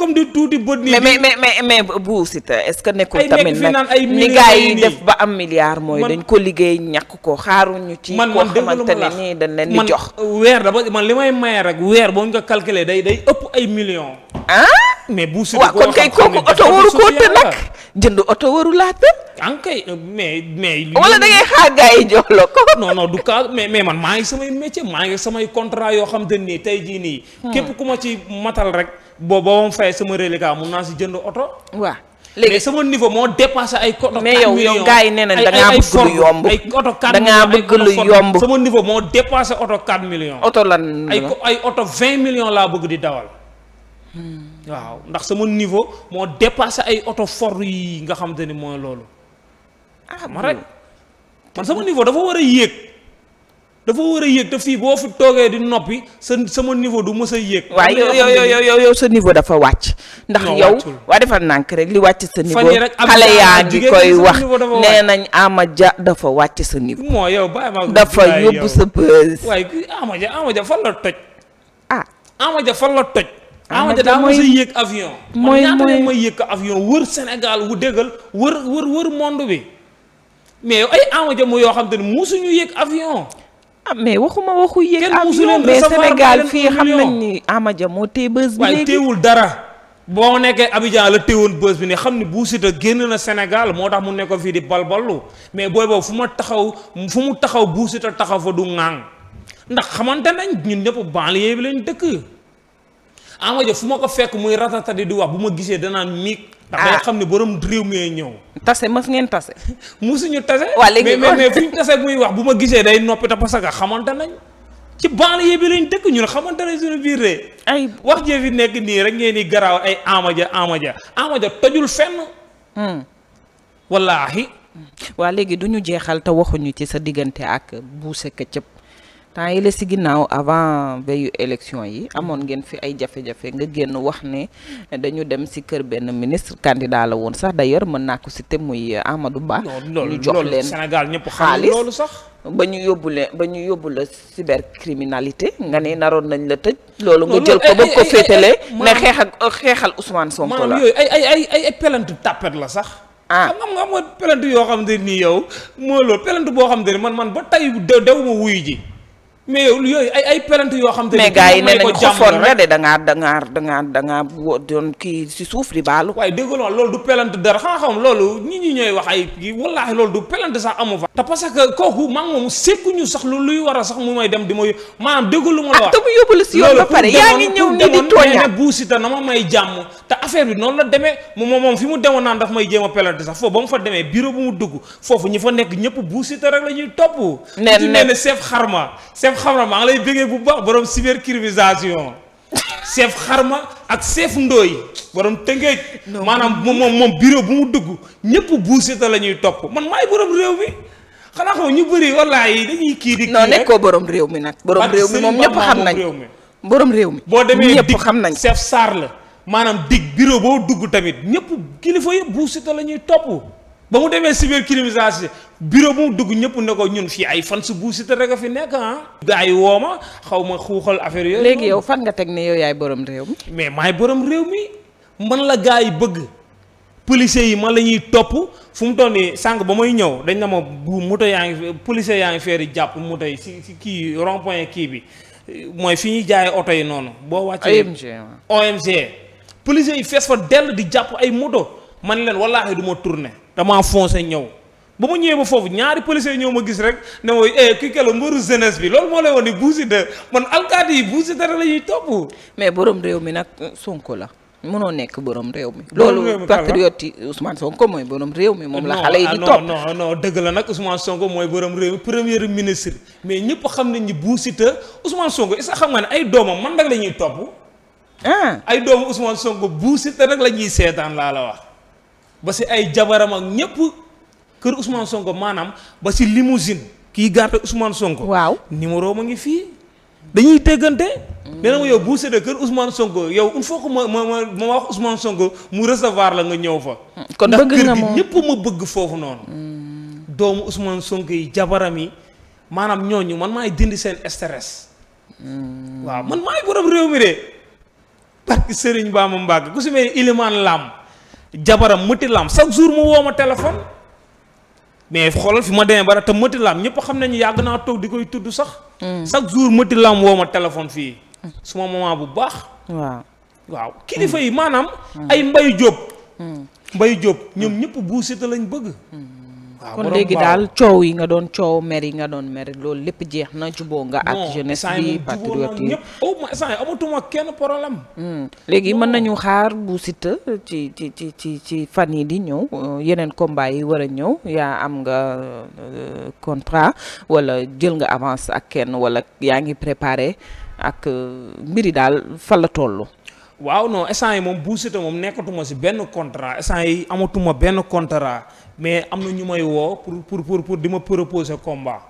comme di tuuti bët nii mais mais mais mais bu Siteu est-ce que nekkul tamit nag ni gars yi def ba am milliards mooy dañ ko liggéey ñàkk ko xaaruñu ci koo xamante ne nii dañ leen di jox weer dama man li may maye rek weer boo ñu ko calculer day day ëpp ay million ah mais bu Siteu waaw kon kay kooku oto waru nag jënd oto waru laata. ankay euh, mais mais. wala da ngay xaar yi jox la ko. non du cas mais man maa ngi samay métier maa ngi samay contrat yoo xam te nii tey jii nii. Hmm. képp ku ma ci matal rek. boo ba ma fay sama reliquat mun naa si jënd oto. waa léegi sama niveau moo dépassé ay. oto mais yow yow gars yi nee nañ da ngaa bëgg lu yomb ay oto 4 da ngaa sama niveau moo dépassé oto 4 millions. oto lan ay ay oto 20 millions laa bëgg di dawal. Hmm. waaw ndax sama niveau moo dépassé ay oto fort yi nga xamante ni mooy loolu. ah ma rek man sama niveau dafa war a yéeg. dafa war a yéeg te fii boo fi toogee di noppi sa sama niveau du mës yéeg. waaye yow yow dafa wàcc. ndax yow waa defal nànk rek li wàcc sa niveau. xale yaa ngi koy wax nee nañ Ama dafa wàcc sa niveau. moo yow bàyyi ma dafa yóbbu sa bës. waaye Ama Dia Ama Dia la toj. ah Ama Dia la toj. Ama ah, daa mos a yéeg avion. mooy mooy man yéeg avion wër Sénégal wu déggal wër wër wër monde bi mais ay Ama Dia mu yoo xam te ne musuñu yéeg avion. ah mais waxuma waxu yéeg avion xam nañ ni Ama Dia moo téye bës bi léegi waaye téewul dara. boo nekkee Abidjan la téewoon bës bi ne xam ne Bou Siteu génn na Sénégal moo tax mu nekkoon fii di balballu mais booy boobu fu ma taxaw fu mu taxaw Bou Siteu taxaw fa du ŋaang ndax xamante nañ ñun ñëpp banlieue bi leen dëkk Ama Dia fu ma ko fekk muy ratatati di wax bu ma gisee danaan miig. ndax day ah. xam ne borom réew mi ñëw. tase mas ngeen tase. musuñu tase. waa léegi mais mais fu muy wax bu ma gisee day noppi te parce que xamante nañ. ci banlieue bi lañ dëkk ñun xamante ne suñu biir de ay wax jee fi nekk nii rek ngeen di garaaw ay Ama Dia Ama Dia Ama Dia tojul fenn. Hmm. wallaahi. waa léegi du ñu jeexal te waxuñu ci sa diggante ak buuse këccëb. temps yi la si ginnaaw avant veillu élection yi amoon ngeen fi ay jafe-jafe nga génn wax ne dañu dem si kër benn ministre candidat la woon sax d'ailleurs mën naa ko citer muy Amadou Ba. ñu jox leen Sénégal ñëpp xam loolu sax. ba ñu yóbbu leen ba ñu yóbbu la cybercriminalité nga ne naroon nañ la tëj. loolu nga jël ko ba eh, eh, ko eh, féetale. ne xeex ak xeexal Ousmane Sonko la ay ay ay ay pelantu tàppet la sax. ah xam nga am nga pelantu yoo xam ne nii yow mooy loolu pelantu boo xam ne man man ba tey dew ma wuyu ji. mais yow yooyu ay ay pelante yoo xam ne mais gars yi ne nañ xofoon nga de da ngaa da ngaa da ngaa da doon kii si suuf di baalu waaye dégg nga loolu du pelante dara xam-xam loolu ñi ñi ñooy wax ay kii wallaahi loolu du pelante sax amu fa te parce que kooku maa ngi moom sékkuñu sax lu luy war a sax mu may dem di ma maanaam dégg lu ma la wax ak yóbbu la si yoon ba pare yaa ngi ñëw ni di tooña affaire bi noonu la demee moom moom fi mu demoon naan daf may jéem a sax foofu ba mu fa demee bureau bu mu dugg foofu ñu fa nekk ñëpp Bou Siteu rek la ñuy topp. nee na nee na chef xarma chef xarma maa ngi lay bëggee bu baax borom cybercriminalisation chef xarma ak chef ndooy borom tëngeej. maanaam moom moom bureau bu mu dugg ñëpp Bou Siteu la ñuy topp man maay borom réew mi. xanaa xaw ñu bëri wallaahi dañuy kii di. non nekkoo borom réew mi nag. borom réew mi moom ñëpp xam nañ borom réew mi. boo demee dikk chef Sarr la. maanaam dig bureau boo dugg tamit ñëpp kilifa yëpp Bou Siteu la ñuy topp ba mu demee cybercriminalisation bureau bu mu dugg ñëpp ne ko ñun fii ay fans Bou Siteu rek a fi nekk ah. gars woo ma xaw ma xuuxal affaire yooyu. léegi yow fan nga teg ne yow yaay borom réew mi. mais maay borom réew mi man la gars yi bëgg policiers yi man la ñuy topp fu mu toll nii sànq ba may ñëw dañ na ma bu moto yaa ngi policiers yaa ngi feeri jàpp moto yi si si kii rond kii bi mooy fi ñuy jaayee oto yi noonu. boo wàccee OMG policiers yi fees fa dell di jàpp ay moto man leen wallaahi du ma tourné damaa foncé ñëw ba ma ñëwee ba foofu ñaari policiers ñëw ma gis rek ne mooy eh kii kala mbëru bi loolu moo lay woon ni Bou Siteu man alkaati yi Bou Siteu la ñuy topp. mais borom réew mi nag Sonko la. mënoo nekk borom réew mi. loolu patriote yi Ousmane Sonko mooy borom mi moom la. xale yi di ah, topp non non non dëgg la nag Ousmane Sonko mooy borom réew mi premier ministre mais ñëpp xam nañ ni Bou Siteu Ousmane Sonko est-ce que xam nga ne ay doomam man nag la ñuy topp. Ah. ay doomu Ousmane Sonko bu Siteu rek la ñuy seetaan laa la wax ba si ay jabaram ak ñëpp kër Ousmane Sonko maanaam ba si limousine kii garde Ousmane Sonko. waaw numéro ma ngi fii dañuy teggante. Mm. nee na yow bu Siteu kër Ousmane Sonko yow il faut que ma ma ma wax Ousmane Sonko mu recevoir la nga ñëw fa. Mm. kon bëgg na moom ma bëgg foofu noonu. Mm. doomu Ousmane Sonko yi jabaram yi maanaam ñooñu man maay dindi seen stress. waaw man maay borom réew mi de. parce que Serigne Bamba Mbàkke ku si mel ni Ilimaan Lam jabaram mëti Lam chaque jour mu wooma ma téléphone mais xoolal fi ma demee bara te mëti Lam ñëpp xam nañu yàgg naa toog di koy tudd sax. Hmm. chaque jour mëti Lam woo ma téléphone fii. suma maman bu baax. waaw kilifa yi hmm. maanaam. Hmm. ay mbayu Diop. mbayu Diop ñoom ñëpp buusita lañ bëgg. Ah, kon léegi daal coow yi nga doon coow mer yi nga doon mer loolu lépp jeex na juboo nga ak jeunesse bi patriote yi amatuma kenn problème hmm. léegi mën nañu xaar bu Siteu ci ci ci ci ci fan yi di ñëw euh, yeneen combat yi war a ñëw yaa am nga euh, contrat wala jël nga avance ak kenn wala yaa ngi préparé ak euh, mbiri daal fa la tollu waaw non instant yi moom Bou Siteu moom nekkatuma si benn contrat instant yi amatuma benn contrat mais am na ñu may woo pour pour pour di ma proposer combat.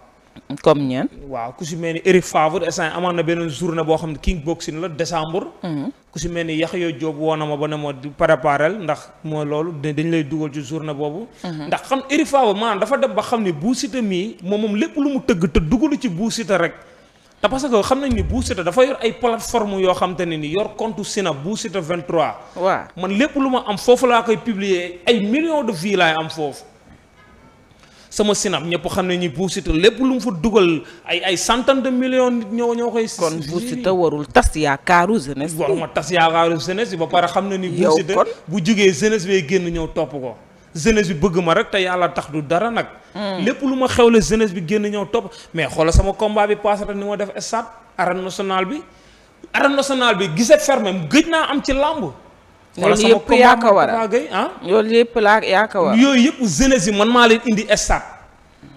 comme ñeen waaw ku si mel ni Eric Favre instant yi amoon na benn journée boo xam ne king boxing la décembre. Mhm. ku si mel ni Yaxya Diop woo na ma ba ne ma di préparel ndax moo loolu dañ lay dugal ci journée boobu. Mhm. ndax xam Eric Favre maanaam dafa dem ba xam ne Bou Siteu mii moom moom lépp lu mu tëgg te dugalu ci Bou Siteu rek. te parce que xam nañ ni Bou dafa yor ay plateforme yoo xam te ne ni yor compte Sina Bou Siteu 23. waaw man lépp lu ma am foofu laa koy publier ay millions de vues laay am foofu. sama Sina ñëpp xam nañ ni Bou Siteu lépp lu mu fa dugal ay ay centaine de millions nit ñoo ñoo koy. kon Bou warul tas yaakaaru jeunesse bi. waruma tas yaakaaru jeunesse bi ba pare xam na ni. yow kon bu jugee jeunesse bee génn ñëw topp ko. jeunesse bi bëgg ma rek te yàlla tax du dara nag. Hmm. lépp lu ma xew la jeunesse bi génn ñëw topp mais xoolal sama combat bi passé ni ma def stade arène nationale bi arène nationale bi gisee fermé gëj naa am ci làmb. wala sama ah. loolu yëpp yaa ko waral yooyu yëpp jeunesse yi man maa leen indi stade.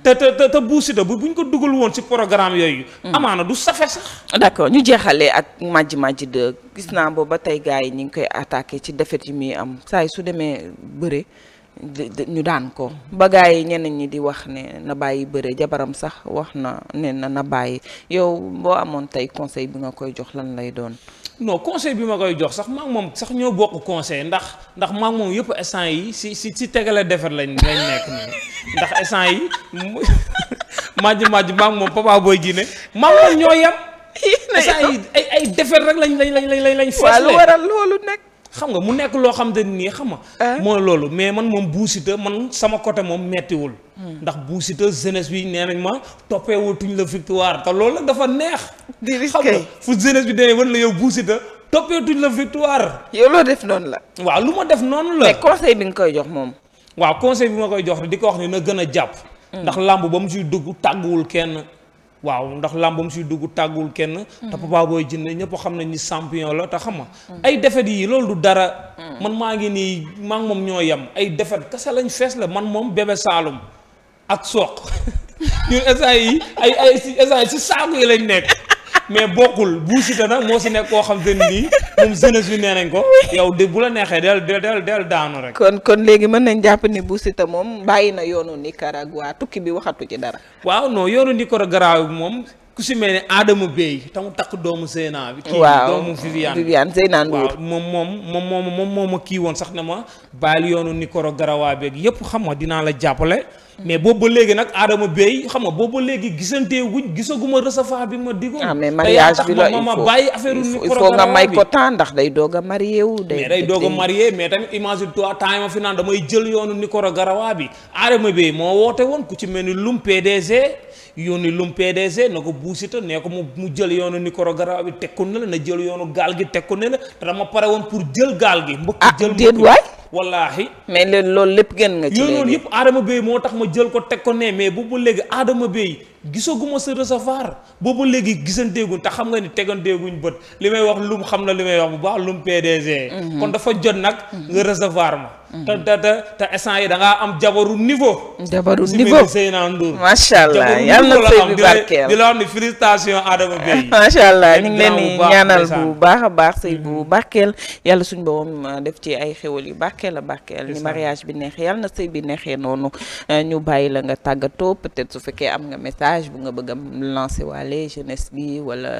te te te Bou Siteu bu buñ ko dugal woon ci programme yooyu. Hmm. amaana du safe sax. d'accord ñu jeexalee ak Madji Madji 2 gis naa boobu ba tey gars yi ñu ngi koy attaqué ci défaite yi muy am saa su demee bëre. ñu daan ko ba gars yi ñenn ñi di wax ne na bàyyi bëre jabaram sax wax na ne na na bàyyi yow boo amoon tey conseil bi nga koy jox lan lay doon. non conseil bi ma koy jox sax maa moom sax ñoo bokk conseil ndax ndax maa ngi moom yëpp instant yi si si si tegale defar lañ lañ nekk nii ndax instant yi majj majj maa moom papa booy Guinée maa ngi moom ñoo yem. ay ay defar rek lañ lañ lañ lañ lañ. waaw loolu nekk. xam nga mu nekk loo xam te nii xam nga. Ah. mooy loolu mais man moom buusita man sama côté moom mettiwul. Hmm. ndax buusita jeunesse bi nee nañ ma toppeewutuñ la victoire te loolu la dafa neex. di risqué fu jeunesse bi demee wan la yow buusita toppeetuñ la victoire. yow loo def noonu la. waaw lu ma def noonu la. mais conseil bi nga koy jox moom. waaw conseil bi ma koy jox di ko wax ni na gën a jàpp. Hmm. ndax làmb ba mu ciy dugg tàgguwul kenn. waaw ndax làmbam siy dugg tàggul kenn. te Papa Boy Djiné xam nañ ni champion la te xam nga. ay defet yi loolu du dara. man maa ngi nii maa ngi moom ñoo yem ay defet kese lañ fees la man moom bébé Saloum ak soq ñun essai yi ay ay essai si saako yi lañ nekk. mais bokkul Bou Siteu nag moo si nekk koo xam te ne nii moom jeunesse bi nee nañ ko yow de bu la neexee del del del daanu rek. kon kon léegi mën nañ jàpp ni Bou Siteu moom bàyyi na yoonu Nicaragua tukki bi waxatu ci dara. waaw non yoonu Nicaragua bi moom. ku si mel ne Adama Bey mu takk doomu Zeyna bi kii doomu Viviane Viviane Zeyna Ndour moom moom moom ma kii woon sax ne ma bàyyil yoonu Nicaragua beeg yépp xam nga dinaa la jàppale Mm. mais boobu ba léegi nag Adama Bey xam nga boobu ba léegi gisante wuñ gisaguma recevoir bi ma digoon. ah mais mariage bi la il faut ma affaire bi il nga may ko temps ndax day doog a marié wu. day day doog a mais tamit image toi temps yi ma fi naan damay jël yoonu ni Nicolas Garawa bi Adama Bey moo woote woon ku ci mel ni Loum PDG. yónni lum PDG na ko buusita nee ko mu mu jël yoonu Nicaragua bi teg ko ne la na jël yoonu gaal gi teg ko ne la te dama pare woon pour jël gaal gi. mbëkk ah, jël mbëkk déet waay. wallaahi mais loolu lépp gën nga. ci léegi yooyu noonu yëpp Adama Bey moo tax ma jël ko teg ko ne mais bu ba léegi Adama Bey gisaguma sa recevoir boobu léegi gisanteeguñ te xam nga ni teganteeguñ bët li may wax lum xam na li may wax bu baax lum PDG. Mhm. kon dafa jot nag mhm. nga recevoir ma. Mhm. te te te yi da am jabaru niveau. jabaru niveau si Seydina macha allah yàlla na sëy bi barkeel di la am ni félicitation Adama Bey. macha allah ñu ngi leen di ñaanal bu baax a baax sëy bu barkeel yàlla suñu boobam uh, def ci ay xéwal yu barkeel a barkeel. ni mariage bi neex yàlla na sëy bi neexee noonu uh, ñu bàyyi la nga tàggatoo peut-être su fekkee am nga message. message bu nga bëgg a lancer waale jeunesse bi wala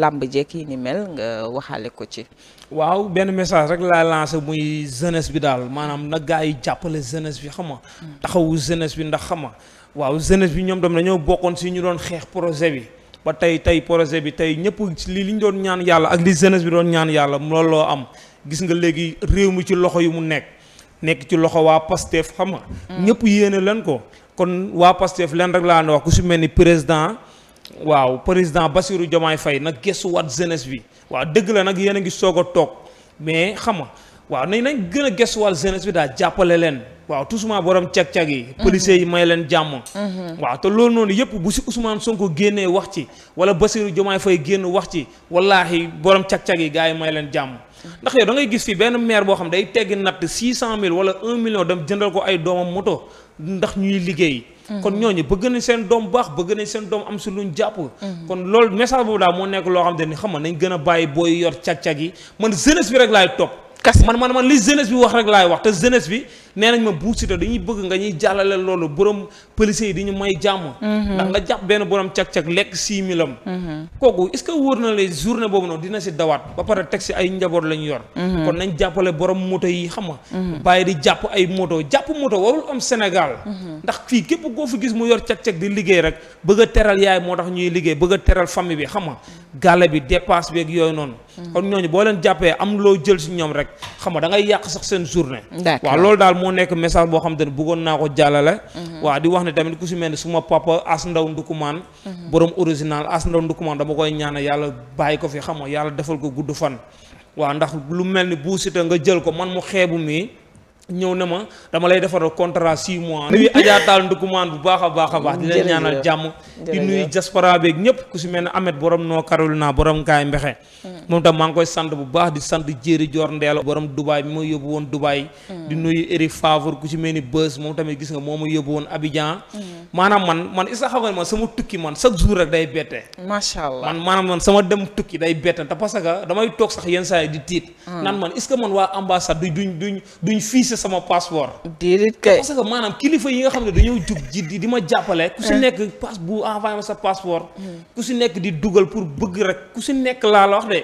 làmb jekk yi ni mel nga waxaale ko ci. waaw benn message rek laa lancer muy jeunesse bi daal maanaam na gaa yi jàppale jeunesse bi xam nga hmm. taxawu jeunesse bi ndax xam nga waaw jeunesse bi ñoom tam dañoo bokkoon si ñu doon xeex projet bi. ba tey tey projet bi tey ñëpp li li ñu doon ñaan yàlla ak li jeunesse bi doon ñaan yàlla loolu loo am gis nga léegi réew mi ci loxo yi mu nekk nekk ci loxo waa Pastef xam nga hmm. ñëpp yéene leen ko kon waa Pastef leen rek laa ne wax ku si mel ni président waaw président Bassirou Diomaye Faye nag gëstuwaat jeunesse bi waaw dëgg la nag yéen a ngi soog a toog mais xam nga waaw nañ nañ gën a gëstuwaat jeunesse bi daal jàppale leen waaw tout sement borom cag-cag yi mhm. policiers yi may leen jàmm mhm. waaw te loolu noonu yëpp bu si Ousmane Sonko génnee wax ci wala Bassirou Diomaye fay génn wax ci wallaahi borom cag-cag yi gars yi may leen jàmm ndax yow da ngay gis fii benn maire boo xam day teggi natt six cent mille wala un million dem jëndal ko ay doomam moto ndax ñuy liggéey. Mhm. kon ñooñu bëgg nañ seen doom baax bëgg nañ seen doom am su luñ jàpp. Mhm. kon loolu message boobu daal moo nekk loo xam ne ni xam nañ gën a bàyyi booy yor cag-cag yi man jeunesse bi rek laay topp. kase man man man li jeunesse bi wax rek laay wax te jeunesse bi nee nañ ma Bou Siteu dañuy bëgg nga ñuy jàllale loolu borom policier yi di ñu may jàmm. Mhm. ndax nga jàpp benn borom cag-cag lekk six mille mhm. kooku est-ce que wóor na les journée boobu noonu dina si dawaat ba pare teg si ay njaboot lañ yor. Mhm. kon nañ jàppale borom moto yi xam nga. bàyyi di jàpp ay moto jàpp moto warul am Sénégal. ndax fii képp koo fi gis mu yor cag-cag di liggéey rek bëgg teral yaay moo tax ñuy liggéey bëgg teral famille bi xam nga gàlle bi dépasse beeg yooyu noonu. Mm. kon ñooñu boo leen jàppee am loo jël si ñoom rek xam nga da ngay yàq sax seen journée. waaw loolu daal moo nekk message boo xam te ne buggoon naa ko jàllale. Mm-hmm. waaw di wax ne tamit ku si mel ne suma papa As Ndaw Ndukumaan. Mm-hmm. borom original As Ndaw Ndukumaan dama koy ñaanal yàlla bàyyi ko fi xam nga yàlla defal ko gudd fan. waaw ndax lu mel ni Bou Siteu nga jël ko man mu xeebu mii ñëw na ma dama lay defaral contrat 6 mois. nuyu Adja Tall Ndoukoumane bu baax a baax a baax. di leen ñaanal jàmm. di nuyu diaspora beeg ñëpp ku si mel ne Ahmed borom noo Carolina borom kaay Mbexe. Hmm. moom tam maa ngi koy sant bu baax di sant Jéeri Joor Ndeela borom Dubaay bi ma yóbbu woon Dubaay. Hmm. di nuyu Eric Favre ku si mel ni Beus moom tamit gis nga moo ma yóbbu woon Abidjan. Hmm. maanaam man man is xam nga man sama tukki man chaque jour rek day bette. macha allah man maanaam man sama dem tukki day bette te parce que damay toog sax yenn saa yi di tiit. naan man est que man waa ambassade duñ duñ duñ duñ sama passeport. déedéet kay maanaam kilifa yi nga xam ne dañoo jug ji di di ma jàppale. ku si nekk passe bu envoyé ma sa passeport. ku si nekk di dugal pour bëgg rek ku si nekk laa la wax de.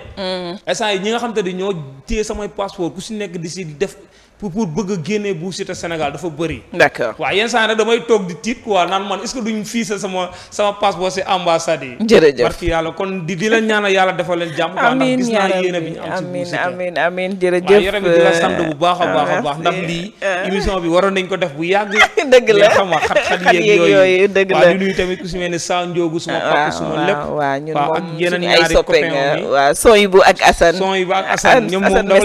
instant yi ñi nga xam te di ñoo téye samay passeport ku si nekk di si def pour pour bëgg a génnee Bou Siteu Sénégal dafa bëri. d'accord waa yenn saa yi nag damay toog di tiit quoi naan man est-ce que duñ fii sa sama passeport si ambassade yi. jërëjëf yàlla kon di di leen ñaanal yàlla defal leen jàmm. amiin gis naa yéene bi ñu jërëjëf. waaw bi di sant bu baax a baax a baax ndax eh, lii eh, eh. émission bi waroon nañ ko def bu yàgg. dëgg la xam nga xat-xat yeeg tamit ku si mel ni Sa Ndiogou suma ah, papa suma lépp. waaw ñun moom suñu ay soppe nga waaw Soyibu ak Assane. ak Assane ñoom moom dama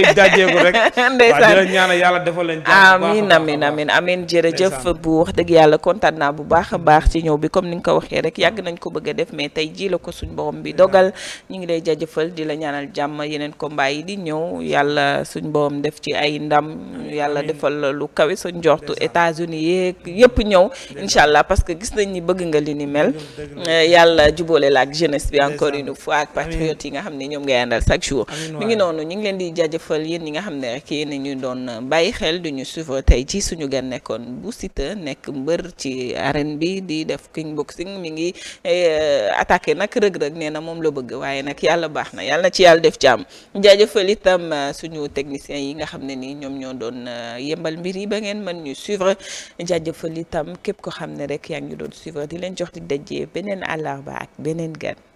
leen ndeysaan ñaanal yàlla defal leen amiin amiin amiin bu wax dëgg yàlla kontaan naa bu baax a baax ci ñëw bi comme ni nga ko waxee rek yàgg nañ ko bëgg a def mais tey jii la ko suñ borom bi dogal ñu ngi lay jaajëfal di la ñaanal jàmm yeneen combat yi di ñëw yàlla suñ borom def ci ay ndam yàlla defal lu kawe suñ njortu États-Unis yeeg yëpp ñëw incha allah parce que gis nañ ni bëgg nga li ni mel eh, yàlla juboole la ak jeunesse bi encore une fois ak patriote yi nga xam ne ñoom ngay àndal chaque yéen ñu doon bàyyi xel du ñu suivre tey ci suñu gan nekkoon bu Siteu nekk mbër ci arène bi di def king boxing mi ngi eh, attaqué nag rëg-rëg nee na moom la bëgg waaye nag yàlla baax na yàlla ci yàlla def jàmm jaajëfal itam eh, suñu techniciens yi nga xam ne nii ñoom ñoo doon eh, yembal mbir yi ba ngeen mën ñu suivre jaajëfal itam képp ko xam ne rek yaa ngi doon suivre di leen jox di dajee beneen àllarba ak beneen gan